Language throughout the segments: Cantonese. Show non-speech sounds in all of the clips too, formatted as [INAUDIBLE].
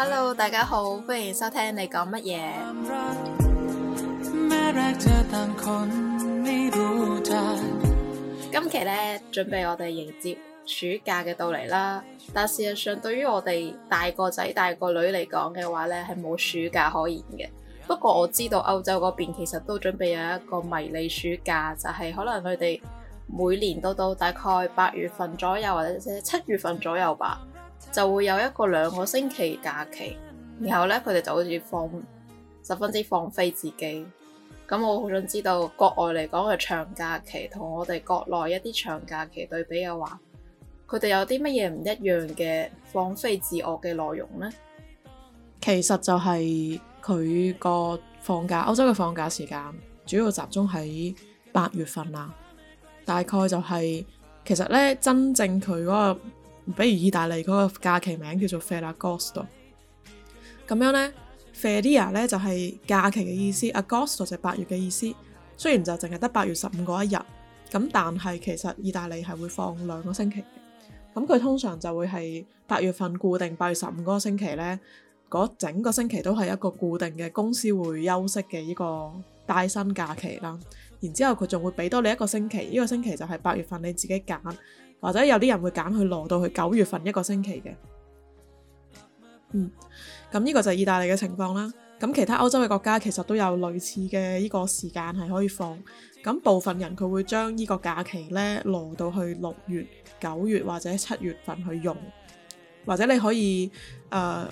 Hello，大家好，歡迎收聽你講乜嘢。今期咧，準備我哋迎接暑假嘅到嚟啦。但事實上，對於我哋大個仔、大個女嚟講嘅話咧，係冇暑假可言嘅。不過我知道歐洲嗰邊其實都準備有一個迷你暑假，就係可能佢哋每年都到大概八月份左右，或者七月份左右吧。就會有一個兩個星期假期，然後咧佢哋就好似放十分之放飛自己。咁我好想知道國外嚟講嘅長假期同我哋國內一啲長假期對比嘅話，佢哋有啲乜嘢唔一樣嘅放飛自我嘅內容呢？其實就係佢個放假，歐洲嘅放假時間主要集中喺八月份啦，大概就係，其實咧真正佢嗰個。比如意大利嗰個假期名叫做 Ferragosto，咁樣呢 Feria 咧就係假期嘅意思，Agosto 就係八月嘅意思。雖然就淨係得八月十五嗰一日，咁但係其實意大利係會放兩個星期嘅。咁佢通常就會係八月份固定八月十五嗰個星期咧，嗰整個星期都係一個固定嘅公司會休息嘅呢個帶薪假期啦。然之後佢仲會俾多你一個星期，呢、這個星期就係八月份你自己揀。或者有啲人會揀去挪到去九月份一個星期嘅，嗯，咁呢個就係意大利嘅情況啦。咁其他歐洲嘅國家其實都有類似嘅呢個時間係可以放。咁部分人佢會將呢個假期咧挪到去六月、九月或者七月份去用，或者你可以誒，呃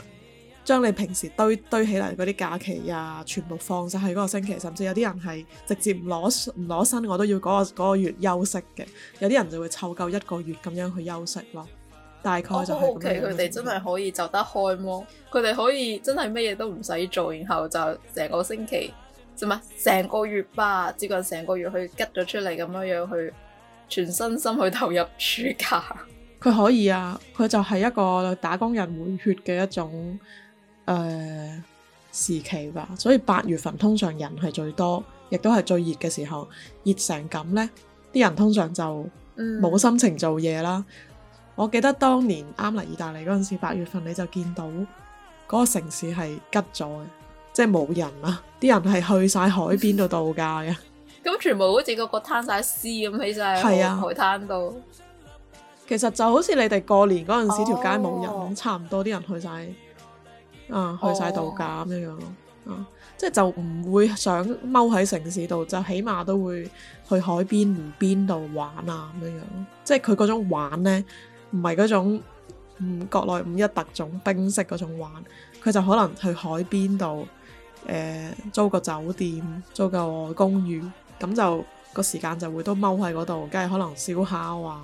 將你平時堆堆起嚟嗰啲假期啊，全部放晒去嗰個星期，甚至有啲人係直接唔攞唔攞薪，我都要嗰、嗰個、嗰個月休息嘅。有啲人就會湊夠一個月咁樣去休息咯。大概就係咁樣。好奇佢哋真係可以走得開咩？佢哋可以真係咩嘢都唔使做，然後就成個星期，就係成個月吧，接近成個月去吉咗出嚟咁樣樣去全身心去投入暑假。佢可以啊，佢就係一個打工人回血嘅一種。誒、呃、時期吧，所以八月份通常人係最多，亦都係最熱嘅時候。熱成咁，呢啲人通常就冇心情做嘢啦。嗯、我記得當年啱嚟意大利嗰陣時，八月份你就見到嗰、嗰個城市係吉咗嘅，即係冇人啊。啲人係去晒海邊度度假嘅，咁 [LAUGHS] 全部好似個個攤曬屍咁喺晒啊，海灘度。其實就好似你哋過年嗰陣時，哦、條街冇人，差唔多啲人去晒。啊，去晒度假咁樣樣咯，oh. 啊，即係就唔會想踎喺城市度，就起碼都會去海邊、湖邊度玩啊咁樣樣，即係佢嗰種玩呢，唔係嗰種嗯國內五一特種兵式嗰種玩，佢就可能去海邊度，誒、呃、租個酒店、租個公寓，咁就、那個時間就會都踎喺嗰度，梗係可能燒烤啊，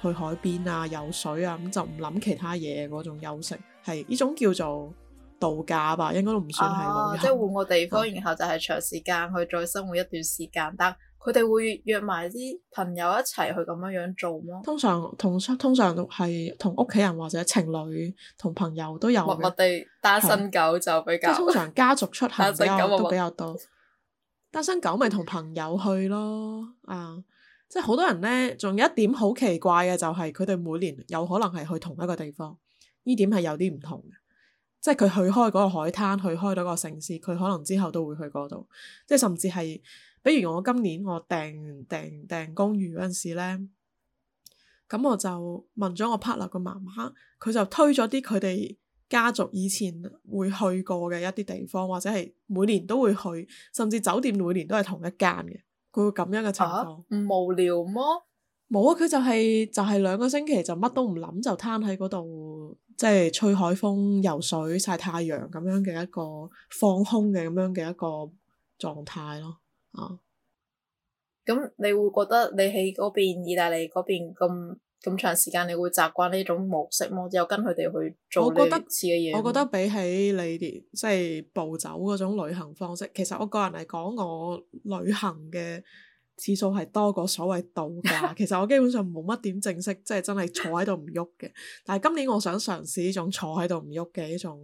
去海邊啊游水啊，咁就唔諗其他嘢嗰、啊、種休息，係呢種叫做。度假吧，應該都唔算係咁、啊、即係換個地方，嗯、然後就係長時間去再生活一段時間。但佢哋會約埋啲朋友一齊去咁樣樣做麼？通常同通常係同屋企人或者情侶、同朋友都有。我哋單身狗就比較即係通常家族出行啦，狗都比較多。單身狗咪同朋友去咯，啊！即係好多人咧，仲有一點好奇怪嘅就係佢哋每年有可能係去同一個地方，呢點係有啲唔同。即係佢去開嗰個海灘，去開到個城市，佢可能之後都會去嗰度。即係甚至係，比如我今年我訂訂訂公寓嗰陣時咧，咁我就問咗我 partner 個媽媽，佢就推咗啲佢哋家族以前會去過嘅一啲地方，或者係每年都會去，甚至酒店每年都係同一間嘅。佢會咁樣嘅情況無聊麼？冇啊！佢就係就係兩個星期就乜都唔諗，就攤喺嗰度。即係吹海風、游水、晒太陽咁樣嘅一個放空嘅咁樣嘅一個狀態咯，啊！咁你會覺得你喺嗰邊意大利嗰邊咁咁長時間，你會習慣呢種模式麼？又跟佢哋去做我覺得類似嘅嘢？我覺得比起你哋即係暴走嗰種旅行方式，其實我個人嚟講，我旅行嘅。次數係多過所謂度假，其實我基本上冇乜點正式，即係真係坐喺度唔喐嘅。但係今年我想嘗試呢種坐喺度唔喐嘅一種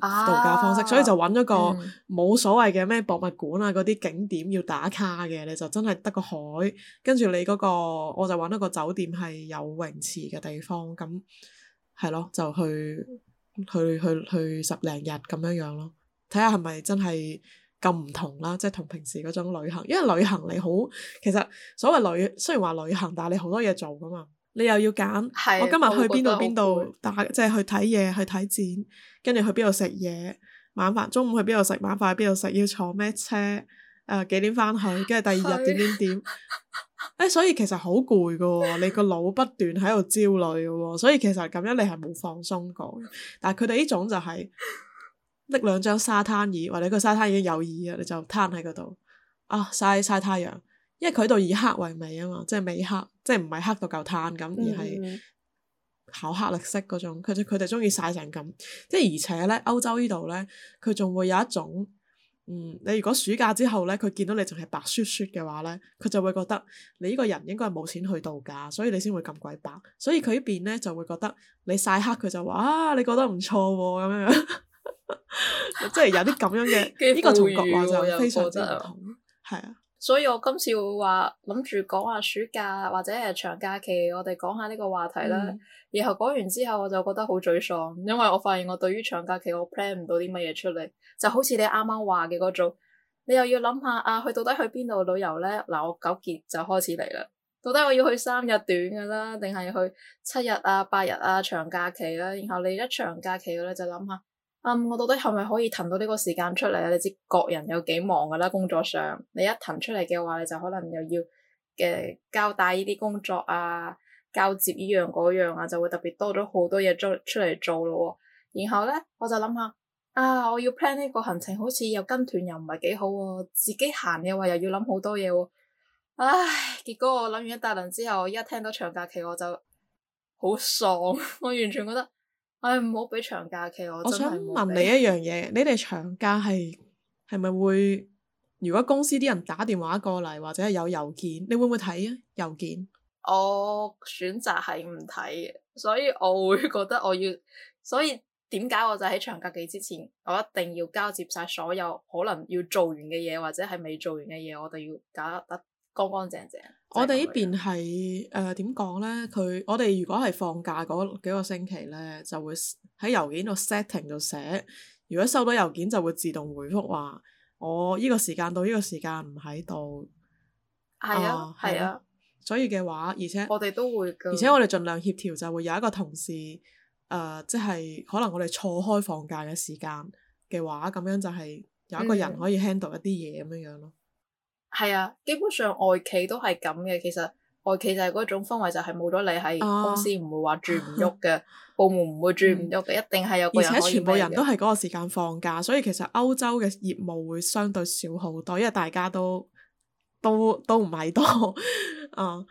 度假方式，啊、所以就揾咗個冇所謂嘅咩博物館啊嗰啲景點要打卡嘅，你就真係得個海，跟住你嗰個，我就揾咗個酒店係有泳池嘅地方，咁係咯，就去去去去十零日咁樣樣咯，睇下係咪真係。咁唔同啦，即係同平時嗰種旅行，因為旅行你好，其實所謂旅雖然話旅行，但係你好多嘢做噶嘛，你又要揀，我今日去邊度邊度打，即係去睇嘢，去睇展，跟住去邊度食嘢，晚飯中午去邊度食，晚飯去邊度食，要坐咩車，誒幾點翻去，跟住第二日點點點，誒所以其實好攰噶，你個腦不斷喺度焦慮噶，所以其實咁樣你係冇放鬆過，但係佢哋呢種就係。拎兩張沙灘椅，或者個沙灘已經有椅啊，你就攤喺嗰度啊曬曬太陽，因為佢喺度以黑為美啊嘛，即係美黑，即係唔係黑到夠攤咁，而係巧克力色嗰種。佢佢哋中意曬成咁，即係而且咧，歐洲呢度咧，佢仲會有一種嗯，你如果暑假之後咧，佢見到你仲係白雪雪嘅話咧，佢就會覺得你呢個人應該係冇錢去度假，所以你先會咁鬼白。所以佢呢邊咧就會覺得你晒黑，佢就話啊，你覺得唔錯喎咁樣樣。 [LAUGHS] 即係有啲咁樣嘅，呢個同國話就非常唔同，係啊。所以我今次會話諗住講下暑假或者係長假期，我哋講下呢個話題啦。嗯、然後講完之後，我就覺得好沮喪，因為我發現我對於長假期我 plan 唔到啲乜嘢出嚟，就好似你啱啱話嘅嗰種，你又要諗下啊，去到底去邊度旅遊咧？嗱，我糾結就開始嚟啦。到底我要去三日短嘅啦，定係去七日啊、八日啊長假期啦？然後你一長假期嘅咧，就諗下。啊、嗯！我到底係咪可以騰到呢個時間出嚟啊？你知各人有幾忙噶啦，工作上你一騰出嚟嘅話，你就可能又要嘅、呃、交帶呢啲工作啊，交接呢樣嗰樣啊，就會特別多咗好多嘢出出嚟做咯。然後咧，我就諗下啊，我要 plan 呢個行程，好似又跟團又唔係幾好喎，啊，自己行嘅話又要諗好多嘢喎，啊。唉，結果我諗完一大輪之後，一聽到長假期，我就好喪， [LAUGHS] 我完全覺得。唉，唔好俾長假期，我真係冇。我想問你一樣嘢，你哋長假係係咪會？如果公司啲人打電話過嚟，或者係有郵件，你會唔會睇啊？郵件我選擇係唔睇嘅，所以我會覺得我要，所以點解我就喺長假期之前，我一定要交接晒所有可能要做完嘅嘢，或者係未做完嘅嘢，我哋要搞得得。乾乾淨淨。我哋呢邊係誒點講呢？佢我哋如果係放假嗰幾個星期呢，就會喺郵件度 setting 度寫。如果收到郵件，就會自動回覆話我呢個時間到呢個時間唔喺度。係啊，係啊。所以嘅話，而且我哋都會，而且我哋盡量協調，就係會有一個同事誒、呃，即係可能我哋錯開放假嘅時間嘅話，咁樣就係有一個人可以 handle 一啲嘢咁樣樣咯。嗯係啊，基本上外企都係咁嘅。其實外企就係嗰種氛圍，就係冇咗你，喺、啊、公司唔會話轉唔喐嘅，嗯、部門唔會轉唔喐嘅。一定係有個人可以，而且全部人都係嗰個時間放假，所以其實歐洲嘅業務會相對少好多，因為大家都都都唔係多啊、 [LAUGHS] 嗯。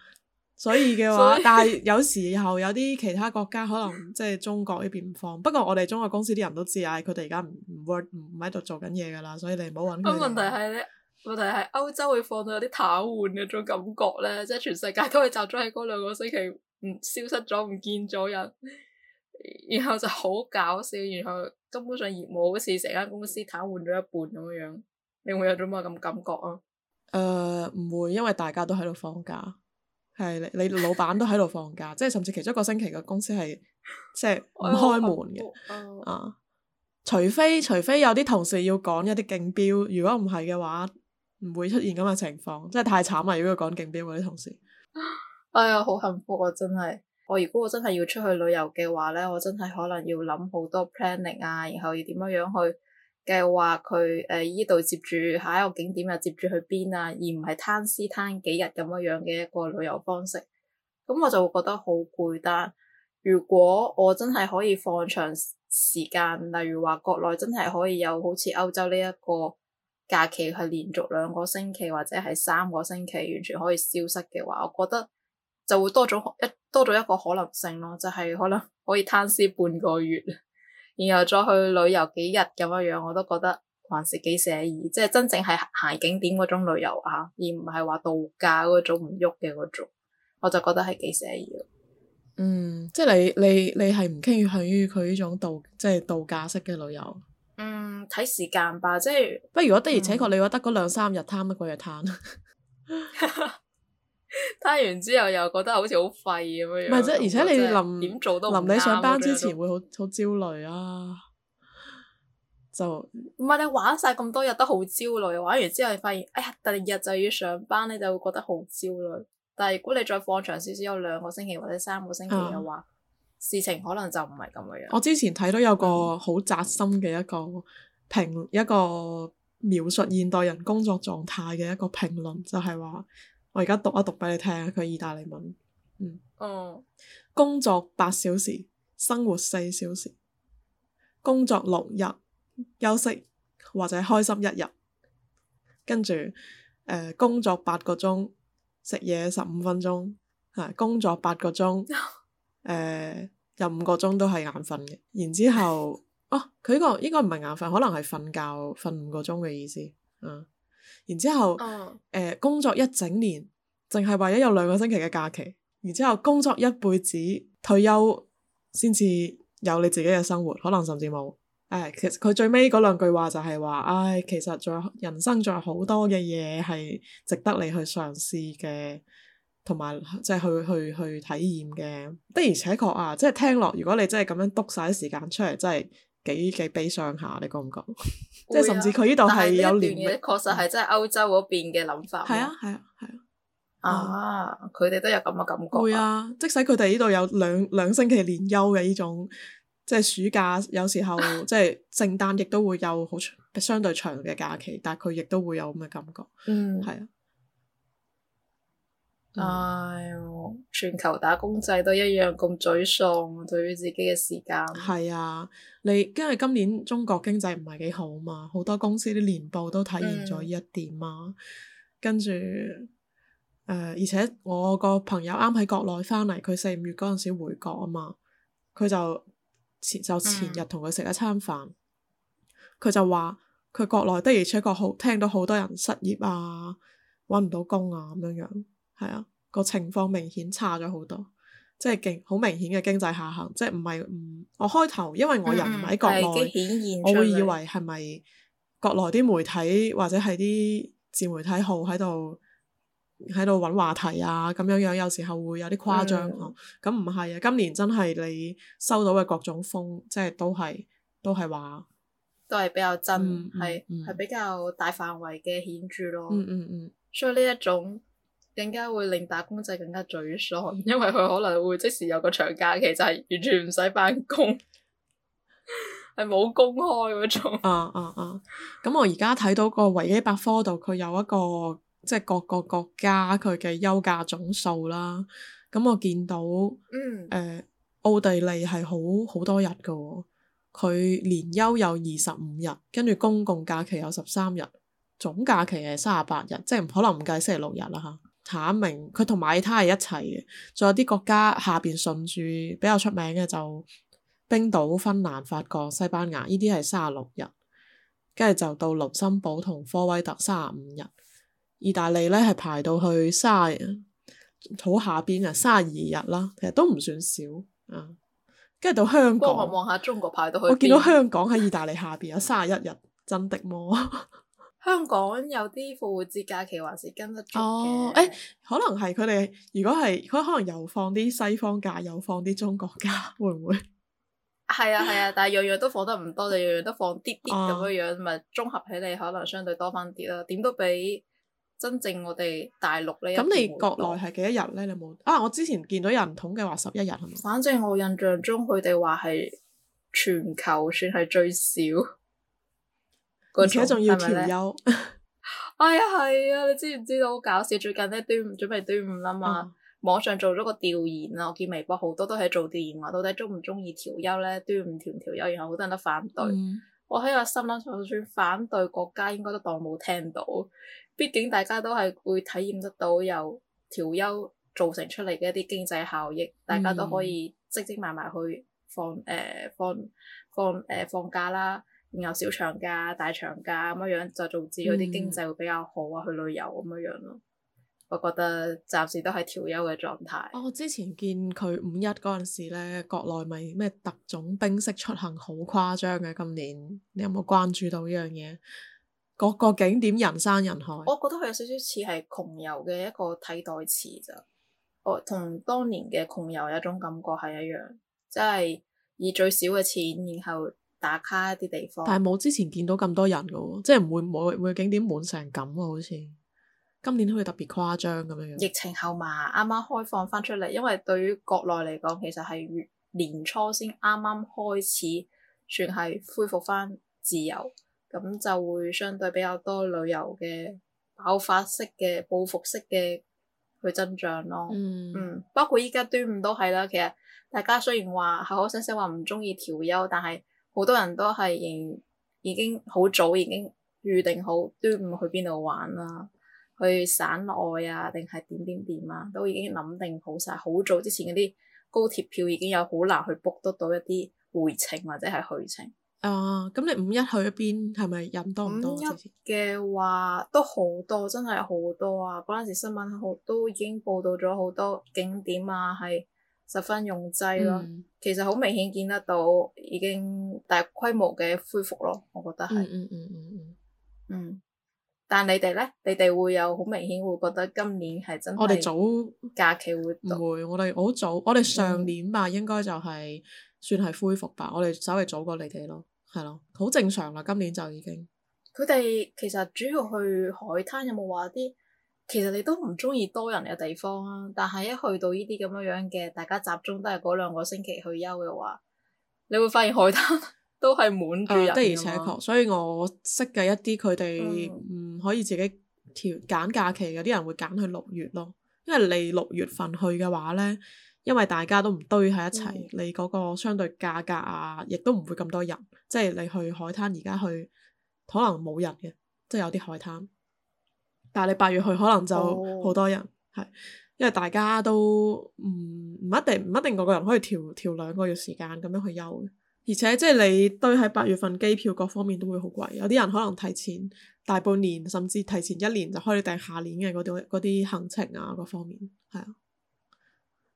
所以嘅話，所以 但係有時候有啲其他國家可能即係中國呢邊唔放，不過我哋中國公司啲人都知啊，佢哋而家唔唔 work 唔喺度做緊嘢噶啦，所以你唔好搵佢哋。咁問題係咧？問題係歐洲會放到有啲癱瘓嘅種感覺咧，即係全世界都會集中喺嗰兩個星期，唔消失咗，唔見咗人，然後就好搞笑，然後根本上業務好似成間公司癱瘓咗一半咁樣樣，你會有種咩咁感覺啊？誒、呃，唔會，因為大家都喺度放假，係你你老闆都喺度放假， [LAUGHS] 即係甚至其中一個星期個公司係即係唔開門嘅、 [LAUGHS] 哎、呦啊，啊除，除非除非有啲同事要講一啲競標，如果唔係嘅話。唔會出現咁嘅情況，真係太慘啦！如果講景點嗰啲同事、啊，哎呀，好幸福啊！真係，我如果我真係要出去旅遊嘅話咧，我真係可能要諗好多 planning 啊，然後要點樣樣去計劃佢，誒依度接住下一個景點，又接住去邊啊，而唔係攤屍攤幾日咁樣樣嘅一個旅遊方式。咁我就會覺得好攰。但如果我真係可以放長時間，例如話國內真係可以有好似歐洲呢一個。假期係連續兩個星期或者係三個星期，完全可以消失嘅話，我覺得就會多咗一多咗一個可能性咯，就係、是、可能可以攤屍半個月，然後再去旅遊幾日咁樣樣，我都覺得還是幾寫意。即係真正係行，行景點嗰種旅遊嚇、啊，而唔係話度假嗰種唔喐嘅嗰種，我就覺得係幾寫意咯。嗯，即係你你你係唔傾向於佢呢種度即係、就是、度假式嘅旅遊？嗯，睇時間吧，即係，不如我得而且確、嗯，你覺得嗰兩三一個日，嘆乜鬼日嘆？嘆完之後又覺得好似好廢咁樣。唔係，即而且你臨點做都臨你上班之前會好好焦慮啊！就唔係你玩晒咁多日都好焦慮，玩完之後你發現哎呀，第二日就要上班你就會覺得好焦慮。但係如果你再放長少少，有兩個星期或者三個星期嘅話。嗯事情可能就唔係咁嘅樣。我之前睇到有個好扎心嘅一個評，嗯、一個描述現代人工作狀態嘅一個評論，就係、是、話我而家讀一讀俾你聽，佢意大利文，嗯，嗯工作八小時，生活四小時，工作六日，休息或者開心一日，跟住誒工作八個鐘，食嘢十五分鐘，吓、呃、工作八個鐘。 [LAUGHS] 誒、呃，有五個鐘都係眼瞓嘅，然之後，哦、啊，佢呢個應該唔係眼瞓，可能係瞓覺瞓五個鐘嘅意思，嗯、啊，然之後，誒、哦呃，工作一整年，淨係為咗有兩個星期嘅假期，然之後工作一輩子，退休先至有你自己嘅生活，可能甚至冇，誒、啊，其實佢最尾嗰兩句話就係話，唉、哎，其實在人生仲有好多嘅嘢係值得你去嘗試嘅。同埋即係去去去，去體驗嘅，的而且確啊！即係聽落，如果你真係咁樣督晒啲時間出嚟，真係幾幾悲傷下，你覺唔覺？即係、啊、 [LAUGHS] 甚至佢呢度係有年段嘢，確實係真係歐洲嗰邊嘅諗法。係啊係啊係啊！啊，佢哋都有咁嘅感覺。會啊，啊，即使佢哋呢度有兩兩星期年休嘅呢種，即係暑假有時候，即係聖誕亦都會有好相對長嘅假期， [LAUGHS] 但係佢亦都會有咁嘅感覺。嗯，係啊。唉、嗯哎，全球打工仔都一樣咁沮喪，對於自己嘅時間。係啊，你因為今年中國經濟唔係幾好嘛，好多公司啲年報都體現咗呢一點啊。嗯、跟住誒、呃，而且我個朋友啱喺國內翻嚟，佢四五月嗰陣時回國啊嘛，佢就前就前日同佢食一餐飯，佢、嗯、就話佢國內的而且確好聽到好多人失業啊，搵唔到工啊，咁樣樣。係啊，個情況明顯差咗好多，即係勁好明顯嘅經濟下行，即係唔係唔我開頭，因為我人唔喺國內，嗯、現我會以為係咪國內啲媒體或者係啲自媒體號喺度喺度搵話題啊咁樣樣，有時候會有啲誇張嗬。咁唔係啊，今年真係你收到嘅各種風，即係都係都係話都係比較真，係係、嗯嗯嗯、比較大範圍嘅顯著咯。嗯嗯嗯，嗯嗯所以呢一種更加會令打工仔更加沮喪，因為佢可能會即時有個長假期，就係完全唔使翻工，係 [LAUGHS] 冇公開嗰種 uh, uh, uh.。啊啊啊！咁我而家睇到個維基百科度，佢有一個即係各個國家佢嘅休假總數啦。咁我見到，嗯，誒、嗯，奧、呃、地利係好好多日噶，佢年休有二十五日，跟住公共假期有十三日，總假期係三十八日，即係唔可能唔計星期六日啦吓。排名佢同馬耳他係一齊嘅，仲有啲國家下邊順住比較出名嘅就冰島、芬蘭、法國、西班牙，呢啲係三十六日，跟住就到盧森堡同科威特三十五日，意大利咧係排到去三十好下邊啊，三十二日啦，其實都唔算少啊，跟住到香港，我望下中國排到去，我見到香港喺意大利下邊有三十一日，真的麼？香港有啲復活節假期還是跟得住？誒、哦欸，可能係佢哋，如果係佢可能又放啲西方假，又放啲中國假，會唔會？係啊係啊，但係樣樣都放得唔多，就樣 [LAUGHS] 樣都放啲啲咁樣樣，咪綜合起嚟可能相對多翻啲啦。點都比真正我哋大陸呢。咁你國內係幾多日咧？你冇啊？我之前見到人統計話十一日係咪？是是，反正我印象中佢哋話係全球算係最少。而且仲要調休係咪呢， [LAUGHS] 哎呀係啊！你知唔知道好搞笑？最近咧端午準備端午啦嘛，嗯、網上做咗個調研啊！我見微博好多都係做調研話，到底中唔中意調休咧？端午調唔調休？然後好多人都反對，嗯、我喺個心諗，就算反對國家，應該都當冇聽到。畢竟大家都係會體驗得到，由調休造成出嚟嘅一啲經濟效益，大家都可以積積埋埋去放誒、呃、放放誒、呃放，呃、放假啦。然後小長假、大長假咁樣，就導致嗰啲經濟會比較好啊，嗯、去旅遊咁樣咯。我覺得暫時都係調休嘅狀態。我之前見佢五一嗰陣時咧，國內咪咩特種兵式出行好誇張嘅，今年你有冇關注到呢樣嘢？各個、個景點人山人海。我覺得佢有少少似係窮遊嘅一個替代詞咋，我、哦、同當年嘅窮遊一種感覺係一樣，即係以最少嘅錢，然後，打卡一啲地方，但係冇之前見到咁多人嘅，即係唔會每每景點滿成咁喎，好似今年好似特別誇張咁樣樣。疫情後嘛，啱啱開放翻出嚟，因為對於國內嚟講，其實係年初先啱啱開始，算係恢復翻自由，咁就會相對比較多旅遊嘅爆發式嘅報復式嘅去增長咯。嗯，嗯，包括依家端午都係啦。其實大家雖然話口口聲聲話唔中意調休，但係好多人都係已已經好早已經預定好端午去邊度玩啦，啊，去省內啊定係點點點啊，都已經諗定好晒。好早之前嗰啲高鐵票已經有好難去 book 得到一啲回程或者係去程。哦，咁你五一去一邊？係咪人多唔多？五一嘅話都好多，真係好多啊！嗰陣時新聞好都已經報道咗好多景點啊，係。十分用劑咯，嗯、其實好明顯見得到已經大規模嘅恢復咯，我覺得係、嗯。嗯嗯嗯嗯嗯。嗯嗯但你哋咧，你哋會有好明顯會覺得今年係真係。我哋早假期會。唔會，我哋好早，我哋上年吧，應該就係算係恢復吧。嗯、我哋稍微早過你哋咯，係咯，好正常啦。今年就已經。佢哋其實主要去海灘，有冇話啲？其實你都唔中意多人嘅地方啊。但係一去到呢啲咁樣樣嘅，大家集中都係嗰兩個星期去休嘅話，你會發現海灘都係滿住人的、嗯。的而且確，所以我識嘅一啲佢哋唔可以自己調揀假期，有啲人會揀去六月咯。因為你六月份去嘅話呢，因為大家都唔堆喺一齊，嗯、你嗰個相對價格啊，亦都唔會咁多人。即係你去海灘而家去，可能冇人嘅，即係有啲海灘。但係你八月去可能就好多人，係、oh. 因為大家都唔唔一定唔一定個個人可以調調兩個月時間咁樣去休嘅，而且即係你堆喺八月份機票各方面都會好貴，有啲人可能提前大半年甚至提前一年就可以訂下年嘅嗰啲嗰啲行程啊，各方面係啊，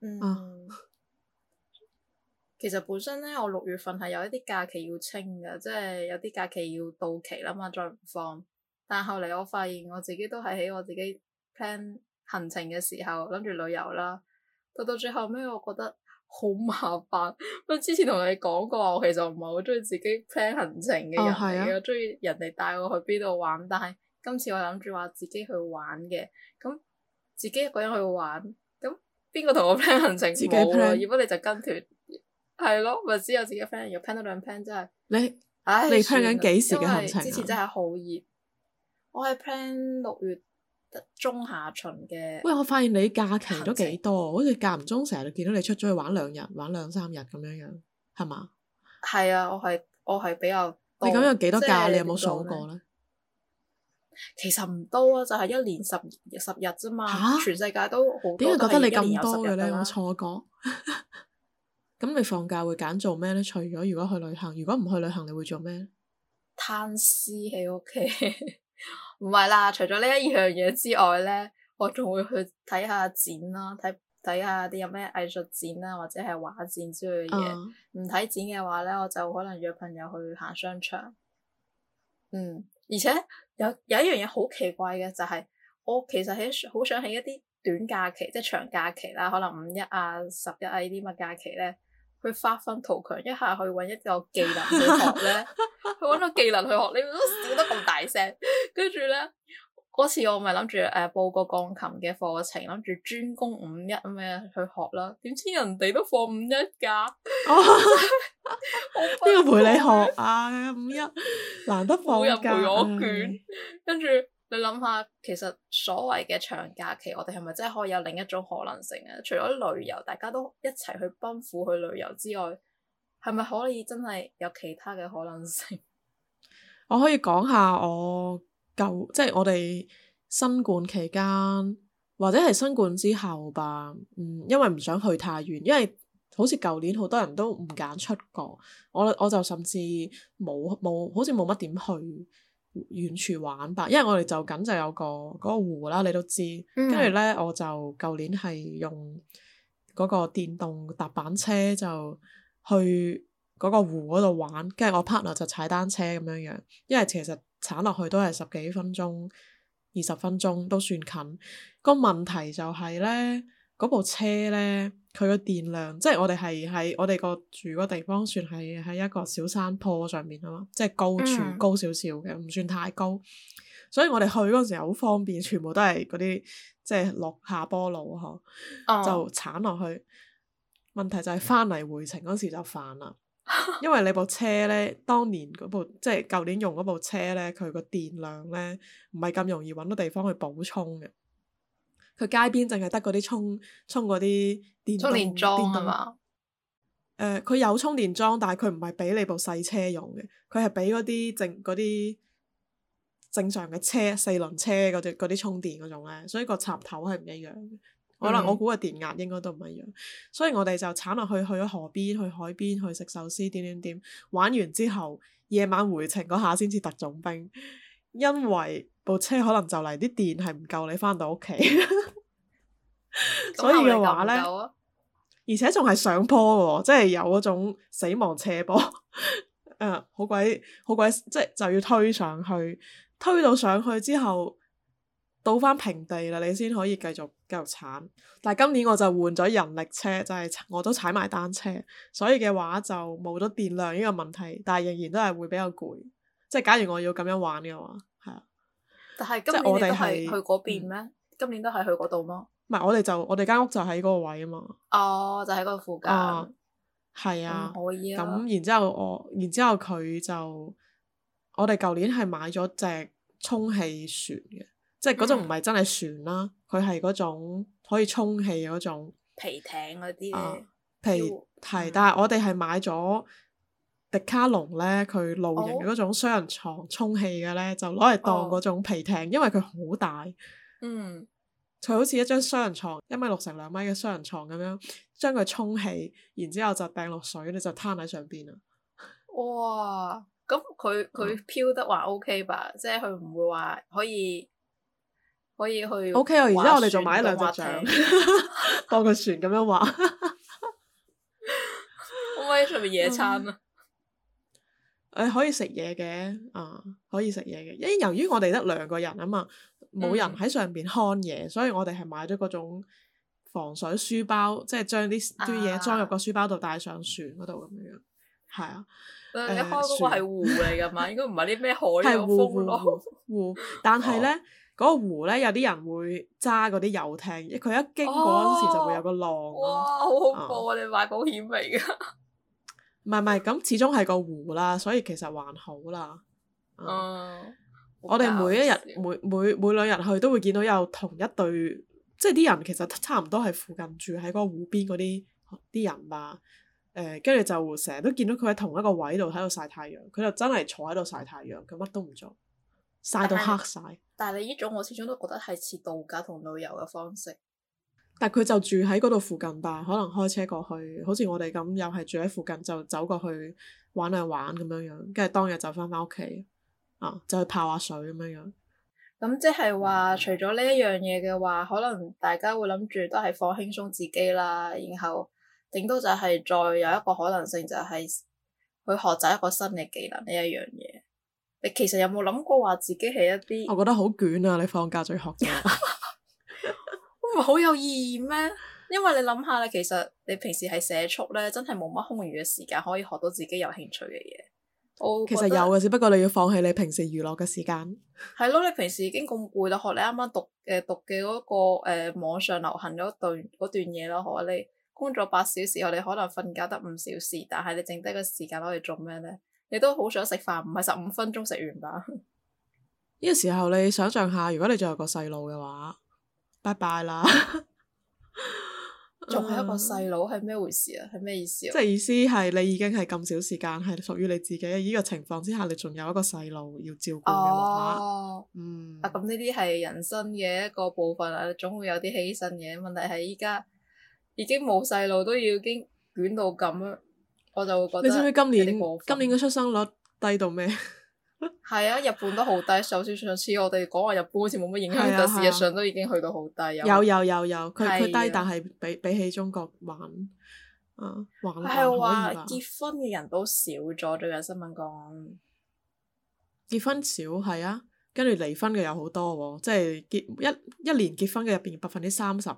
嗯， [LAUGHS] 其實本身咧我六月份係有一啲假期要清嘅，即、就、係、是、有啲假期要到期啦嘛，再唔放。但後嚟我發現我自己都係喺我自己 plan 行程嘅時候諗住旅遊啦，到到最後尾我覺得好麻煩。我之前同你講過，我其實唔係好中意自己 plan 行程嘅人嚟，中意人哋帶我去邊度玩。但係今次我諗住話自己去玩嘅，咁自己一個人去玩，咁邊個同我 plan 行程自己啊？如果你就跟團係咯，咪只有自己 friend 要 plan 多兩 plan 真係你唉，你 plan 緊幾時嘅行程。之前真係好熱。我係 plan 六月中下旬嘅。喂，我發現你假期都幾多，程好似間唔中成日都見到你出咗去玩兩日，玩兩三日咁樣樣，係嘛？係啊，我係我係比較。你咁有幾多假？你，多你有冇數過咧？其實唔多、就是、啊，就係一年十十日啫嘛。全世界都好多。點解覺得你咁多嘅咧？我錯覺？咁 [LAUGHS] 你放假會揀做咩咧？除咗如果去旅行，如果唔去旅行，你會做咩？癱屍喺屋企。唔係啦，除咗呢一樣嘢之外咧，我仲會去睇下展啦，睇睇下啲有咩藝術展啦，或者係畫展之類嘅嘢。唔睇、嗯、展嘅話咧，我就可能約朋友去行商場。嗯，而且有有一樣嘢好奇怪嘅就係、是，我其實喺好想喺一啲短假期，即係長假期啦，可能五一啊、十一啊呢啲乜假期咧。佢發奮圖強一下，去揾一個技能去學咧， [LAUGHS] 去揾個技能去學，你都笑得咁大聲。跟住咧，嗰次我咪諗住誒報個鋼琴嘅課程，諗住專攻五一咁樣去學啦。點知人哋都放五一假㗎，邊個陪你學啊！ [LAUGHS] 五一難得放，冇人陪我卷。跟住、嗯。你諗下，其實所謂嘅長假期，我哋係咪真係可以有另一種可能性啊？除咗旅遊，大家都一齊去奔富去旅遊之外，係咪可以真係有其他嘅可能性？我可以講下我舊，即係我哋新冠期間或者係新冠之後吧。嗯，因為唔想去太遠，因為好似舊年好多人都唔揀出國，我我就甚至冇冇，好似冇乜點去。遠處玩吧，因為我哋就緊就有個嗰個湖啦，你都知。跟住咧，我就舊年係用嗰個電動踏板車就去嗰個湖嗰度玩，跟住我 partner 就踩單車咁樣樣。因為其實踩落去都係十幾分鐘、二十分鐘都算近。個問題就係咧，嗰部車咧。佢個電量，即係我哋係喺我哋個住個地方，算係喺一個小山坡上面啊嘛，即係高處高少少嘅，唔算太高。所以我哋去嗰陣時好方便，全部都係嗰啲即係落下坡路呵，oh. 就鏟落去。問題就係翻嚟回程嗰時就煩啦，因為你部車咧，當年嗰部即係舊年用嗰部車咧，佢個電量咧唔係咁容易搵到地方去補充嘅。佢街邊淨係得嗰啲充充嗰啲電充電樁係嘛？誒動，佢吧、呃、有充電樁，但係佢唔係俾你部細車用嘅，佢係俾嗰啲正啲正常嘅車四輪車嗰啲充電嗰種咧，所以個插頭係唔一樣，可能、嗯、我估個電壓應該都唔一樣。所以我哋就鏟落去去咗河邊、去海邊去食壽司點點點點，玩完之後夜晚回程嗰下先至特種兵。因為部車可能就嚟啲電係唔夠，你返到屋企， [LAUGHS] 所以嘅話呢，夠唔夠？而且仲係上坡嘅，即係有嗰種死亡斜坡，好、 [LAUGHS] 嗯、鬼好鬼，即係就要推上去，推到上去之後到翻平地啦，你先可以繼續繼續鏟。但係今年我就換咗人力車，就係、是、我都踩埋單車，所以嘅話就冇咗電量呢個問題，但係仍然都係會比較攰。即係假如我要咁樣玩嘅話，係啊。但係今年我你係去嗰邊咩？嗯、今年都係去嗰度嗎？唔係，我哋就我哋間屋就喺嗰個位啊嘛。哦，就喺嗰附近。係、哦、啊、嗯。可以啊。咁然之後我，然之後佢就我哋舊年係買咗隻充氣船嘅，即係嗰種唔係真係船啦，佢係嗰種可以充氣嘅嗰種皮艇，嗰啲啊皮艇活。但係我哋係買咗。迪卡龍咧，佢露營嗰種雙人床充氣嘅咧，就攞嚟當嗰種皮艇，因為佢好大，嗯，就好似一張雙人床，一米六乘兩米嘅雙人床咁樣，將佢充氣，然之後就掟落水咧，就攤喺上邊啊！哇，咁佢佢漂得話 OK 吧，即係佢唔會話可以可以去 OK 啊！然之後我哋仲買咗兩隻槳，當個船咁樣玩，可唔可以喺上面野餐啊！誒 [MUSIC] 可以食嘢嘅，啊、嗯、可以食嘢嘅。因為由於我哋得兩個人啊嘛，冇人喺上邊看嘢，嗯、所以我哋係買咗嗰種防水書包，即係將啲啲嘢裝入個書包度，帶上船嗰度咁樣樣。係、嗯、啊，你開嗰個係湖嚟噶嘛？應該唔係啲咩海。係湖，湖， [LAUGHS] 但係咧，嗰、 [LAUGHS] 啊、個湖咧有啲人會揸嗰啲遊艇，佢一經過嗰陣時就會有個浪。哦、哇！啊、好恐怖啊！你買保險嚟噶？ [LAUGHS] 唔係唔係，咁始終係個湖啦，所以其實還好啦。哦、嗯，我哋每一日 [LAUGHS] 每每每兩日去都會見到有同一對，即係啲人其實差唔多係附近住喺嗰個湖邊嗰啲啲人吧。誒、嗯，跟住就成日都見到佢喺同一個位度喺度晒太陽，佢就真係坐喺度晒太陽，佢乜都唔做，晒到黑晒。但係你呢種我始終都覺得係似度假同旅遊嘅方式。但佢就住喺嗰度附近吧，可能開車過去，好似我哋咁又係住喺附近就走過去玩下玩咁樣樣，跟住當日就翻返屋企啊，就去泡下水咁樣樣。咁、嗯嗯、即係話除咗呢一樣嘢嘅話，可能大家會諗住都係放輕鬆自己啦，然後頂多就係再有一個可能性就係去學習一個新嘅技能呢一樣嘢。你其實有冇諗過話自己係一啲？我覺得好捲啊！你放假仲學 [LAUGHS] 好有意義咩？因為你諗下咧，其實你平時係社畜咧，真係冇乜空餘嘅時間可以學到自己有興趣嘅嘢。其實有嘅，只不過你要放棄你平時娛樂嘅時間。係咯，你平時已經咁攰啦，學你啱啱讀誒讀嘅嗰、嗰個誒、呃、網上流行嗰段段嘢咯。學你工作八小時後，你可能瞓覺得五小時，但係你剩低嘅時間攞嚟做咩咧？你都好想食飯，唔係十五分鐘食完吧？呢個時候你想象下，如果你仲有個細路嘅話。拜拜啦，仲係 [LAUGHS] 一個細佬係咩回事啊？係咩、嗯、意思啊？即係意思係你已經係咁少時間係屬於你自己，呢個情況之下，你仲有一個細路要照顧嘅話，哦、嗯，啊咁呢啲係人生嘅一個部分啊，總會有啲犧牲嘅。問題係依家已經冇細路都要經捲到咁，我就會覺得。你知唔知今年今年嘅出生率低到咩？係 [LAUGHS] 啊，日本都好低。首先，上次我哋講話日本好似冇乜影響，但事實上都已經去到好低。有有有有，佢佢低，啊、但係比比起中國玩啊，係話、啊、結婚嘅人都少咗，最近新聞講結婚少係啊，跟住離婚嘅又好多喎，即係結一一年結婚嘅入邊百分之三十，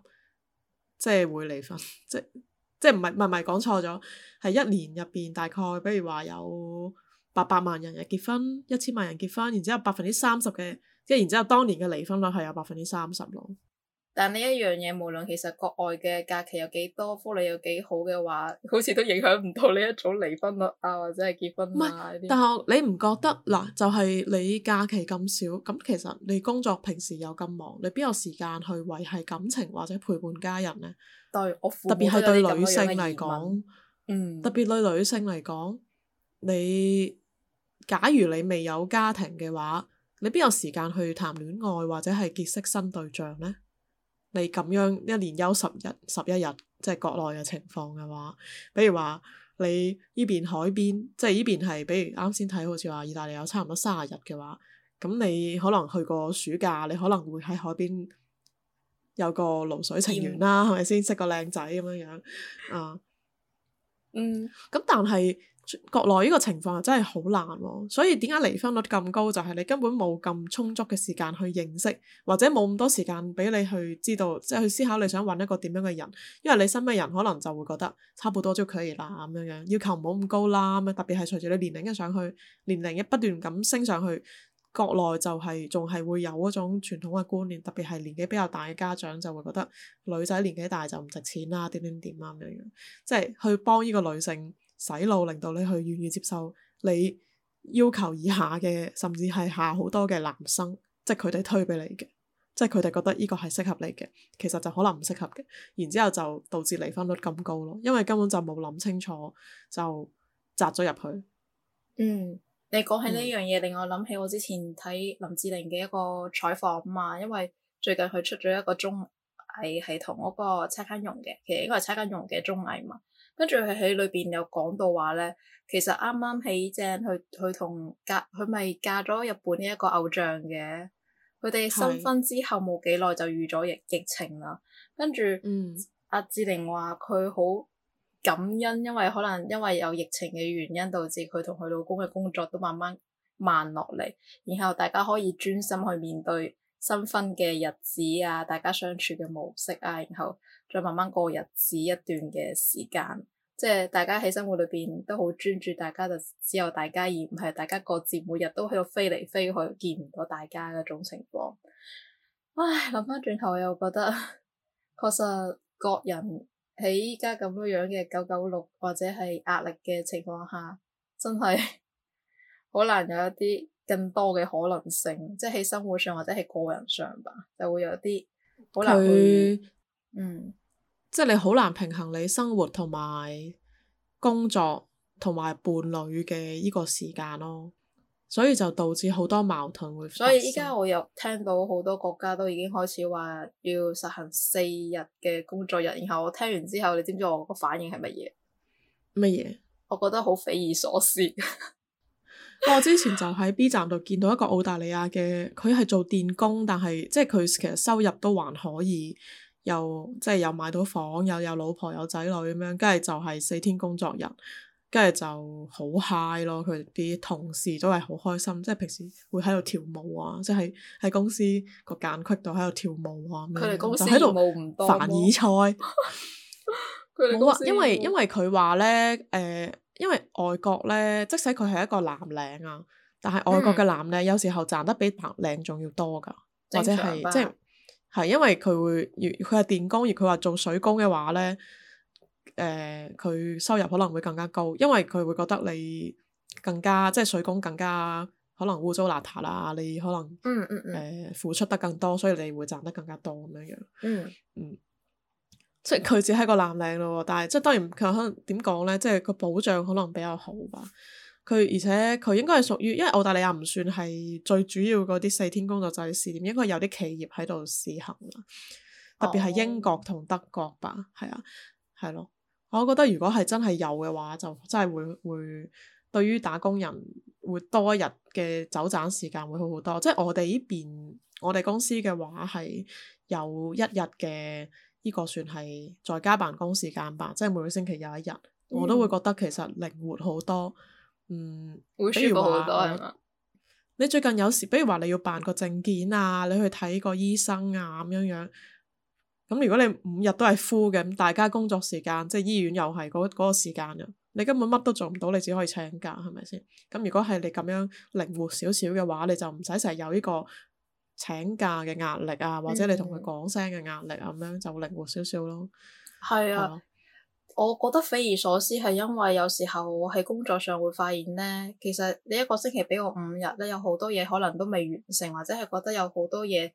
即係會離婚，即即唔係唔係唔係講錯咗，係一年入邊大概，比如話有。八百萬人嘅結婚，一千萬人結婚，然之後百分之三十嘅，跟住然之後當年嘅離婚率係有百分之三十咯。但呢一樣嘢，無論其實國外嘅假期有幾多，福利有幾好嘅話，好似都影響唔到呢一種離婚率啊，或者係結婚率。唔係，但係你唔覺得嗱？就係你假期咁少，咁其實你工作平時又咁忙，你邊有時間去維係感情或者陪伴家人呢？對，我特別係對女性嚟講，嗯，特別對女性嚟講，你。假如你未有家庭嘅話，你邊有時間去談戀愛或者係結識新對象呢？你咁樣一年休十日、十一日，即係國內嘅情況嘅話，比如話你依邊海邊，即係依邊係，比如啱先睇好似話意大利有差唔多三十日嘅話，咁你可能去個暑假，你可能會喺海邊有個露水情緣啦，係咪先識個靚仔咁樣樣啊？嗯，咁但係。國內呢個情況真係好難咯，所以點解離婚率咁高？就係你根本冇咁充足嘅時間去認識，或者冇咁多時間俾你去知道，即係去思考你想揾一個點樣嘅人。因為你身邊人可能就會覺得差唔多就可以啦咁樣樣，要求唔好咁高啦。咁特別係隨住你年齡一上去，年齡一不斷咁升上去，國內就係仲係會有嗰種傳統嘅觀念，特別係年紀比較大嘅家長就會覺得女仔年紀大就唔值錢啦，啊，點點點啊咁樣樣，即係去幫呢個女性。洗腦令到你去願意接受你要求以下嘅，甚至係下好多嘅男生，即係佢哋推俾你嘅，即係佢哋覺得呢個係適合你嘅，其實就可能唔適合嘅，然之後就導致離婚率咁高咯，因為根本就冇諗清楚就扎咗入去。嗯，你講起呢樣嘢，令我諗起我之前睇林志玲嘅一個採訪啊嘛，因為最近佢出咗一個綜藝，係同嗰個蔡康永嘅，其實應該係蔡康永嘅綜藝嘛。跟住佢喺裏邊有講到話咧，其實啱啱起正佢佢同嫁佢咪嫁咗日本呢一個偶像嘅，佢哋新婚之後冇幾耐就遇咗疫疫情啦。跟住嗯，阿志玲話佢好感恩，因為可能因為有疫情嘅原因導致佢同佢老公嘅工作都慢慢慢落嚟，然後大家可以專心去面對。新婚嘅日子啊，大家相處嘅模式啊，然後再慢慢過日子一段嘅時間，即係大家喺生活裏邊都好專注，大家就只有大家而唔係大家各自每日都喺度飛嚟飛去見唔到大家嗰種情況。唉，諗翻轉頭我又覺得，確實各人喺依家咁樣樣嘅九九六或者係壓力嘅情況下，真係好難有一啲。更多嘅可能性，即係喺生活上或者係個人上吧，就會有啲好難。佢他嗯，即係你好難平衡你生活同埋工作同埋伴侶嘅呢個時間咯，所以就導致好多矛盾會發生。所以依家我又聽到好多國家都已經開始話要實行四日嘅工作日，然後我聽完之後，你知唔知我個反應係乜嘢？乜嘢麼？我覺得好匪夷所思。 [LAUGHS] [LAUGHS] 我之前就喺 B 站度見到一個澳大利亞嘅，佢係做電工，但係即係佢其實收入都還可以，又即係有買到房，又有老婆有仔女咁樣，跟住就係四天工作日，跟住就好嗨咯。佢哋啲同事都係好開心，即係平時會喺度跳舞啊，即係喺公司個間隙度喺度跳舞啊。佢哋公司度舞唔多。凡爾賽。冇啊， [LAUGHS] 因為因為佢話咧，誒、呃。因為外國咧，即使佢係一個藍領啊，但係外國嘅藍領、嗯、有時候賺得比白領仲要多噶，或者係即係，係因為佢會，佢係電工而佢話做水工嘅話咧，誒、呃，佢收入可能會更加高，因為佢會覺得你更加即係水工更加可能污糟邋遢啦，你可能誒、嗯嗯嗯呃、付出得更多，所以你會賺得更加多咁樣樣。嗯。嗯即係佢只係個藍領咯，但係即係當然佢可能點講咧，即係個保障可能比較好吧。佢而且佢應該係屬於，因為澳大利亞唔算係最主要嗰啲四天工作制試點，應該有啲企業喺度試行啦。特別係英國同德國吧，係啊、oh.，係咯。我覺得如果係真係有嘅話，就真係會會對於打工人會多一日嘅走盞時間會好好多。即係我哋呢邊我哋公司嘅話係有一日嘅。呢個算係在家辦公時間吧，即係每個星期有一日，嗯、我都會覺得其實靈活好多。嗯，會舒服好多你，嗎你最近有時，比如話你要辦個證件啊，你去睇個醫生啊咁樣樣。咁如果你五日都係 full 嘅，咁大家工作時間即係醫院又係嗰嗰個時間㗎，你根本乜都做唔到，你只可以請假，係咪先？咁如果係你咁樣靈活少少嘅話，你就唔使成日有呢、這個。請假嘅壓力啊，或者你同佢講聲嘅壓力啊，咁樣、嗯、就靈活少少咯。係啊，嗯、我覺得匪夷所思係因為有時候我喺工作上會發現咧，其實你一個星期俾我五日咧，有好多嘢可能都未完成，或者係覺得有好多嘢，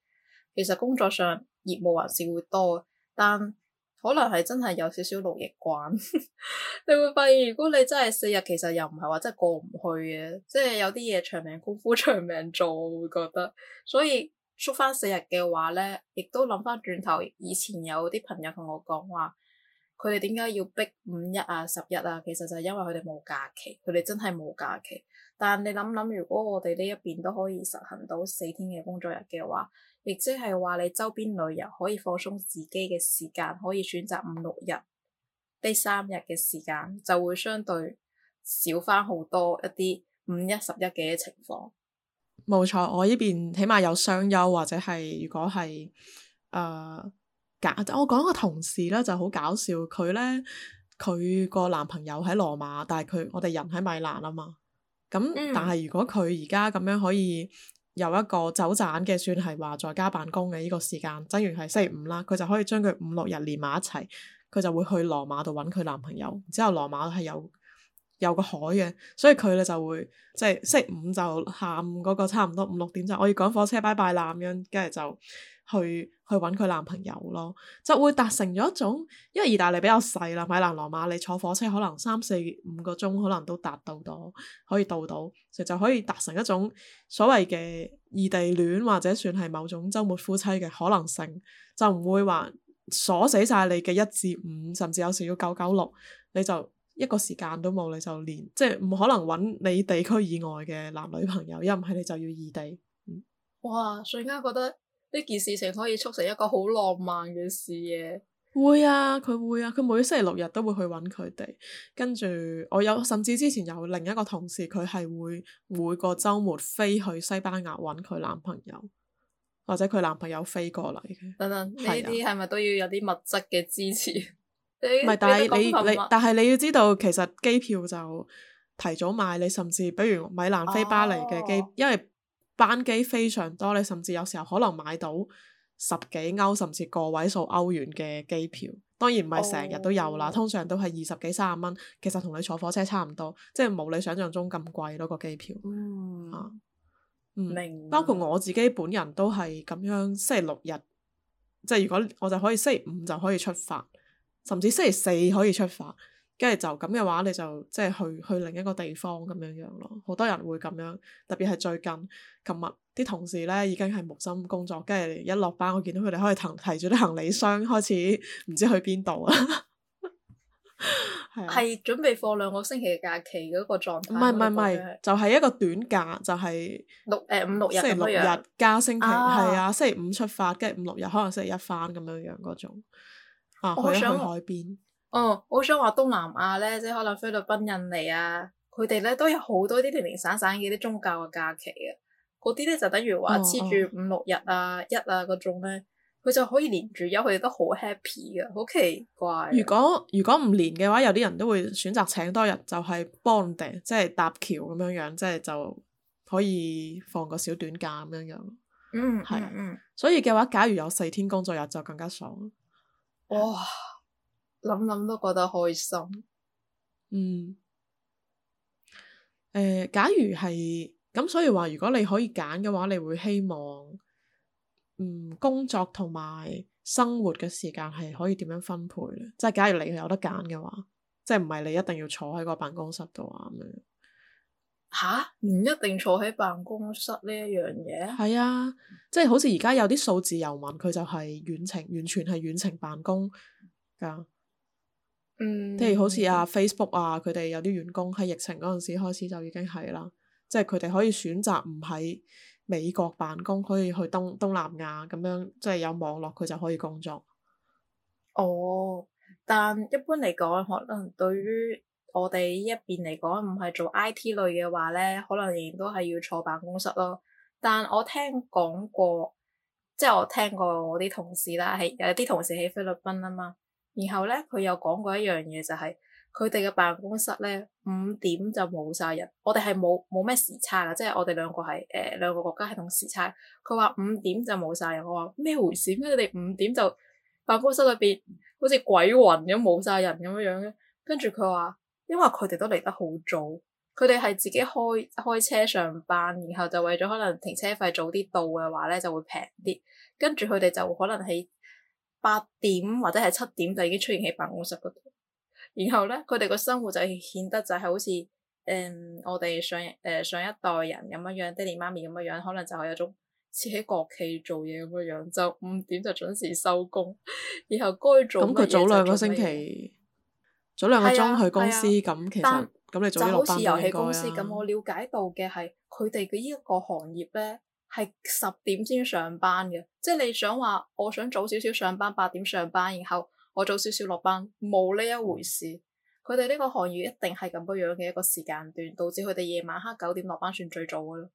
其實工作上業務還是會多，但。可能係真係有少少勞役慣， [LAUGHS] 你會發現如果你真係四日，其實又唔係話真係過唔去嘅，即係有啲嘢長命功夫長命做，我會覺得所以縮翻四日嘅話咧，亦都諗翻轉頭，以前有啲朋友同我講話，佢哋點解要逼五一啊十一啊？其實就係因為佢哋冇假期，佢哋真係冇假期。但你諗諗，如果我哋呢一邊都可以實行到四天嘅工作日嘅話，亦即係話你周邊旅遊可以放鬆自己嘅時間，可以選擇五六日呢三日嘅時間，就會相對少翻好多一啲五一十一嘅情況。冇錯，我呢邊起碼有雙休，或者係如果係誒假，我講個同事咧就好搞笑，佢咧佢個男朋友喺羅馬，但係佢我哋人喺米蘭啊嘛。咁，嗯、但係如果佢而家咁樣可以有一個走盞嘅，算係話在家辦公嘅呢個時間，例如係星期五啦，佢就可以將佢五六日連埋一齊，佢就會去羅馬度揾佢男朋友。之後羅馬係有有個海嘅，所以佢咧就會即係星期五就下午嗰個差唔多五六點，就我要趕火車拜拜 e b 啦咁樣，跟住就。去去揾佢男朋友咯，就會達成咗一種，因為意大利比較細啦，米蘭羅馬你坐火車可能三四五個鐘，可能都達到到，可以到到，其實就可以達成一種所謂嘅異地戀或者算係某種週末夫妻嘅可能性，就唔會話鎖死晒你嘅一至五，甚至有時要九九六，你就一個時間都冇，你就連即係唔可能揾你地區以外嘅男女朋友，一唔係你就要異地。嗯、哇！所以而家覺得～呢件事情可以促成一個好浪漫嘅事嘅。會啊，佢會啊，佢每星期六日都會去揾佢哋。跟住我有，甚至之前有另一個同事，佢係會每個周末飛去西班牙揾佢男朋友，或者佢男朋友飛過嚟。等等，呢啲係咪都要有啲物質嘅支持？唔係是，但係你你，你，但係你要知道，其實機票就提早買你，你甚至比如米蘭飛巴黎嘅機，啊、因為。班機非常多，你甚至有時候可能買到十幾歐，甚至個位數歐元嘅機票。當然唔係成日都有啦，Oh. 通常都係二十幾、三十蚊。其實同你坐火車差唔多，即係冇你想象中咁貴咯。個機票嗯啊，嗯，明包括我自己本人都係咁樣。星期六日即係、就是、如果我就可以星期五就可以出發，甚至星期四可以出發。跟住就咁嘅話，你就即係去去另一個地方咁樣樣咯。好多人會咁樣，特別係最近琴日啲同事咧已經係無心工作，跟住一落班，我見到佢哋可以提提住啲行李箱，開始唔知去邊度 [LAUGHS] 啊？係準備放兩個星期嘅假期嗰個狀態。唔係唔係，就係、是、一個短假，就係六誒五六日，星期六日加星期，係啊，啊，星期五出發，跟住五六日，可能星期一翻咁樣樣嗰種啊，去去海邊。哦、嗯，我想話東南亞咧，即係可能菲律賓、印尼啊，佢哋咧都有好多啲零零散散嘅啲宗教嘅假期啊，嗰啲咧就等於話黐住五六日啊一啊嗰種咧，佢、嗯、就可以連住休，佢哋都好 happy 噶，好奇怪如。如果如果唔連嘅話，有啲人都會選擇請多日，就係 ponte，即係搭橋咁樣樣，即係就可以放個小短假咁樣樣、嗯是嗯。嗯，係啊，所以嘅話，假如有四天工作日就更加爽。哇、嗯！Oh. 諗諗都覺得開心。嗯。誒、呃，假如係咁，所以話如果你可以揀嘅話，你會希望，嗯，工作同埋生活嘅時間係可以點樣分配咧？即係假如你有得揀嘅話，即係唔係你一定要坐喺個辦公室度麼啊？咁樣。吓？唔一定坐喺辦公室呢一樣嘢。係啊，即係好似而家有啲數字遊民，佢就係遠程，完全係遠程辦公噶。嗯，即係好似啊 Facebook 啊，佢哋有啲員工喺疫情嗰陣時開始就已經係啦，即係佢哋可以選擇唔喺美國辦公，可以去東東南亞咁樣，即係有網絡佢就可以工作。哦，但一般嚟講，可能對於我哋呢一邊嚟講，唔係做 I T 類嘅話咧，可能仍然都係要坐辦公室咯。但我聽講過，即係我聽過我啲同事啦，喺有啲同事喺菲律賓啊嘛。然後咧，佢又講過一樣嘢，就係，佢哋嘅辦公室咧，五點就冇晒人。我哋係冇冇咩時差喇，即係我哋兩個係誒、呃、兩個國家係同時差。佢話五點就冇晒人，我話咩回事？咁佢哋五點就辦公室裏邊好似鬼魂咁冇晒人咁樣樣。跟住佢話，因為佢哋都嚟得好早，佢哋係自己開開車上班，然後就為咗可能停車費早啲到嘅話咧就會平啲。跟住佢哋就可能喺。八點或者係七點就已經出現喺辦公室嗰度，然後咧，佢哋個生活就顯得就係好似誒、嗯、我哋上誒、呃、上一代人咁樣樣，爹哋媽咪咁樣樣，可能就係有一種似喺國企做嘢咁樣樣，就五點就準時收工，然後該做咁，佢早兩個星期，早兩個鐘去公司，咁、啊啊、其實咁但你做遊戲公司咁，嗯、我了解到嘅係佢哋嘅呢個行業咧。係十點先上班嘅，即係你想話我想早少少上班，八點上班，然後我早少少落班，冇呢一回事。佢哋呢個行業一定係咁個樣嘅一個時間段，導致佢哋夜晚黑九點落班算最早嘅咯。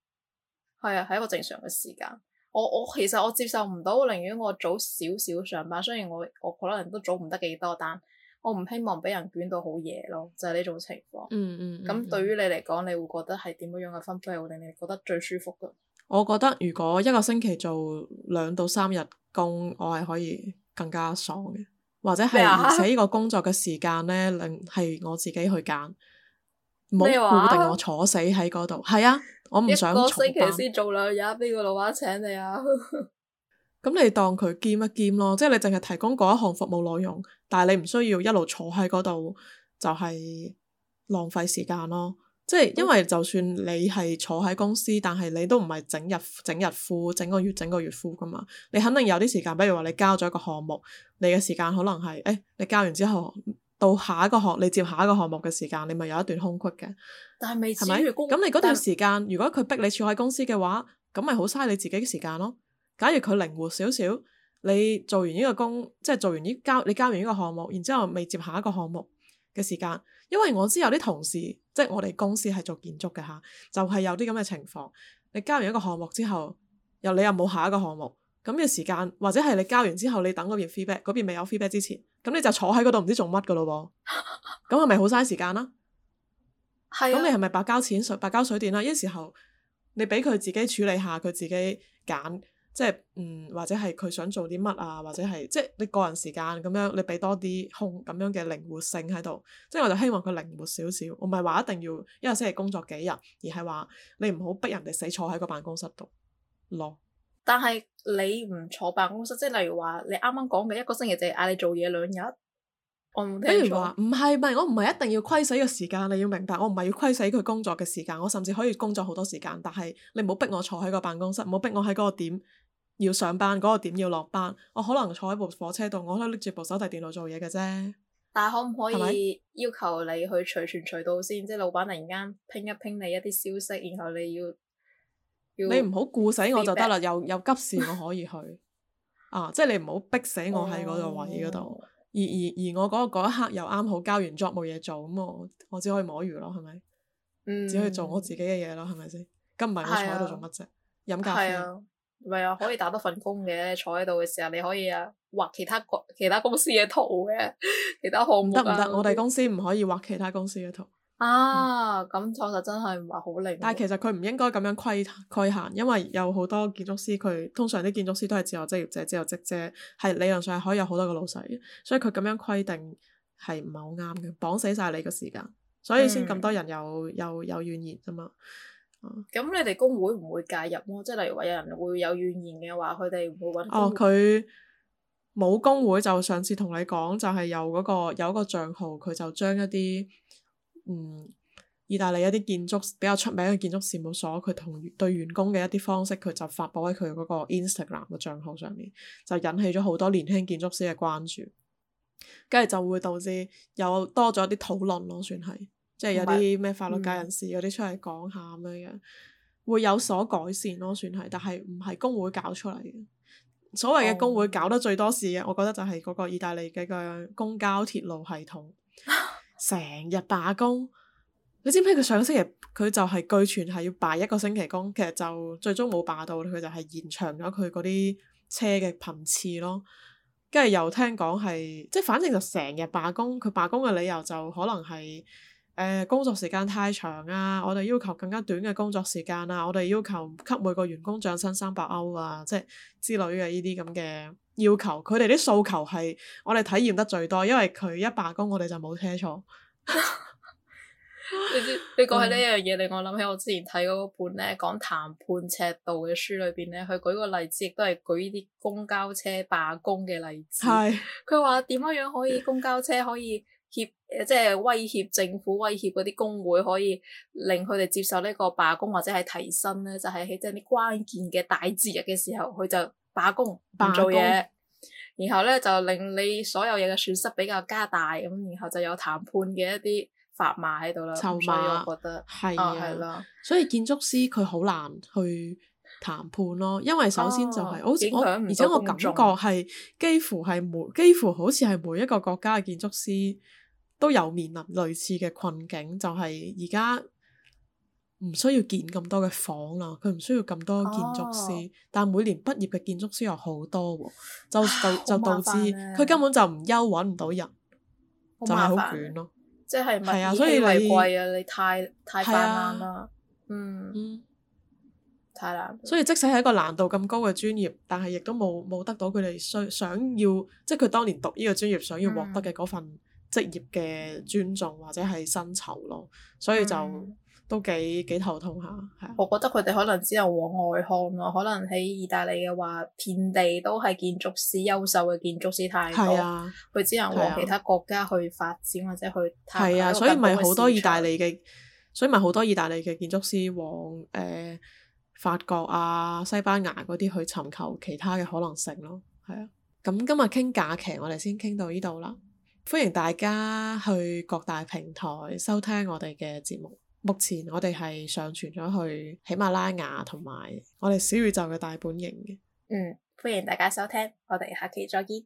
係啊，係一個正常嘅時間。我我其實我接受唔到，我寧願我早少少上班，雖然我我可能都早唔得幾多，但我唔希望俾人捲到好夜咯。就係呢種情況，嗯嗯，嗯嗯，咁對於你嚟講，你會覺得係點樣嘅分配，我哋你覺得最舒服嘅？我覺得如果一個星期做兩到三日工，我係可以更加爽嘅，或者係麼而且呢個工作嘅時間咧，令係我自己去揀，冇固定我坐死喺嗰度。係麼啊，我唔想一個星期先做兩日，邊個老闆請你啊？咁 [LAUGHS] 你當佢兼一兼咯，即係你淨係提供嗰一項服務內容，但係你唔需要一路坐喺嗰度，就係、是、浪費時間咯。即係，因為就算你係坐喺公司，但係你都唔係整日整日敷，整個月整個月敷㗎嘛。你肯定有啲時間，比如話你交咗一個項目，你嘅時間可能係，誒，你交完之後到下一個項你接下一個項目嘅時間，你咪有一段空隙嘅。但係未至咪？咁吧，你嗰段時間但 如果佢逼你坐喺公司嘅話，咁咪好嘥你自己嘅時間咯。假如佢靈活少少，你做完呢個工，即係做完呢交，你交完呢個項目，然之後未接下一個項目嘅時間，因為我知有啲同事，即係我哋公司係做建築嘅吓，就係、是、有啲咁嘅情況。你交完一個項目之後，又你又冇下一個項目，咁嘅時間，或者係你交完之後，你等嗰邊 feedback，嗰邊未有 feedback 之前，咁你就坐喺嗰度唔知做乜噶咯噃，咁係咪好嘥時間啦？係是、啊，咁你係咪白交錢水白交水電啦？呢、這個、時候你俾佢自己處理下，佢自己揀。即係嗯，或者係佢想做啲乜啊，或者係即係你個人時間咁樣，你俾多啲空咁樣嘅靈活性喺度。即係我就希望佢靈活少少。我唔係話一定要一個星期工作幾日，而係話你唔好逼人哋死坐喺個辦公室度咯。嗯、但係你唔坐辦公室，即係例如話你啱啱講嘅一個星期就係嗌你做嘢兩日。我唔聽唔懂，比如話唔係唔係，我唔係一定要虧死嘅時間，你要明白，我唔係要虧死佢工作嘅時間，我甚至可以工作好多時間。但係你唔好逼我坐喺個辦公室，唔好逼我喺嗰個點。要上班嗰個點要落班，我可能坐喺部火車度，我可拎住部手提電腦做嘢嘅啫。但係可唔可以要求你去隨傳隨到先？即係老闆突然間拼一拼你一啲消息，然後你要你唔好固死我就得啦。有有急事我可以去啊，即係你唔好逼死我喺嗰個位嗰度。而而而我嗰個一刻又啱好交完作 o 冇嘢做，咁我我只可以摸魚咯，係咪？只可以做我自己嘅嘢咯，係咪先？今唔係你坐喺度做乜啫？飲咖啡。唔係啊，可以打多份工嘅，坐喺度嘅時候你可以啊畫其他國其他公司嘅圖嘅，其他項目，得唔得？唔得？我哋公司唔可以畫其他公司嘅圖。啊，咁錯實真係唔係好利。但係其實佢唔應該咁樣規規限，因為有好多建築師，佢通常啲建築師都係自由職業者、自由職啫，係理論上係可以有好多個老細，所以佢咁樣規定係唔係好啱嘅，綁死晒你個時間，所以先咁多人有、嗯、有有怨言啫嘛。咁、嗯、你哋工會唔會介入咯？即係例如話有人會有怨言嘅話，佢哋會搵哦佢冇工會、哦、工會就上次同你講就係、是、有嗰、那個有一個賬號，佢就將一啲嗯意大利一啲建築比較出名嘅建築事務所，佢同對員工嘅一啲方式，佢就發布喺佢嗰個 Instagram 嘅賬號上面，就引起咗好多年輕建築師嘅關注，跟住就會導致有多咗一啲討論咯，算係。即係有啲咩法律界人士是有啲出嚟講下咁樣樣，嗯、會有所改善咯，算係。但係唔係工會搞出嚟嘅，所謂嘅工會搞得最多事嘅，oh. 我覺得就係嗰個意大利嘅個公交鐵路系統，成 [LAUGHS] 日罷工。你知唔知佢上星期佢就係據傳係要罷一個星期工，其實就最終冇罷到，佢就係延長咗佢嗰啲車嘅頻次咯。跟住又聽講係，即係反正就成日罷工。佢罷工嘅理由就可能係。呃、工作時間太長啊！我哋要求更加短嘅工作時間啊！我哋要求給每個員工漲薪三百歐啊！即係、就是、之類嘅呢啲咁嘅要求，佢哋啲訴求係我哋體驗得最多，因為佢一罷工我哋就冇車坐。 [LAUGHS] [LAUGHS] [LAUGHS] 你你講起呢樣嘢，令 [LAUGHS] 我諗起我之前睇過嗰本咧講談判尺度嘅書裏邊咧，佢舉個例子，亦都係舉啲公交車罷工嘅例子。係的。佢話點樣樣可以公交車可以？脅誒，即係威脅政府，威脅嗰啲工會，可以令佢哋接受呢個罷工或者係提薪咧，就係喺即係啲關鍵嘅大節日嘅時候，佢就罷工唔工做嘢，然後咧就令你所有嘢嘅損失比較加大，咁然後就有談判嘅一啲砝碼喺度啦，所以籌碼我覺得係係咯，的哦、所以建築師佢好難去。談判咯，因為首先就係，好似我，而且我感覺係幾乎係每，幾乎好似係每一個國家嘅建築師都有面臨類似嘅困境，就係而家唔需要建咁多嘅房啦，佢唔需要咁多建築師，啊、但每年畢業嘅建築師又好多，就、啊、就就導致佢、啊、根本就唔憂，搵唔到人，啊、就係好卷咯。即係、啊就是啊啊、物以稀為貴啊！你太太泛濫啦，嗯。太難，所以即使係一個難度咁高嘅專業，但係亦都冇冇得到佢哋需想要，即係佢當年讀呢個專業想要獲得嘅嗰份職業嘅尊重或者係薪酬咯。嗯、所以就都幾幾頭痛下。係我覺得佢哋可能只有往外看咯。可能喺意大利嘅話，遍地都係建築師，優秀嘅建築師太多，佢的只能往其他國家去發展的或者去。係啊的，所以咪好多意大利嘅，所以咪好多意大利嘅建築師往誒。呃法國啊、西班牙嗰啲去尋求其他嘅可能性咯，係啊。咁今日傾假期，我哋先傾到呢度啦。歡迎大家去各大平台收聽我哋嘅節目。目前我哋係上傳咗去喜馬拉雅同埋我哋小宇宙嘅大本營嘅。嗯，歡迎大家收聽，我哋下期再見。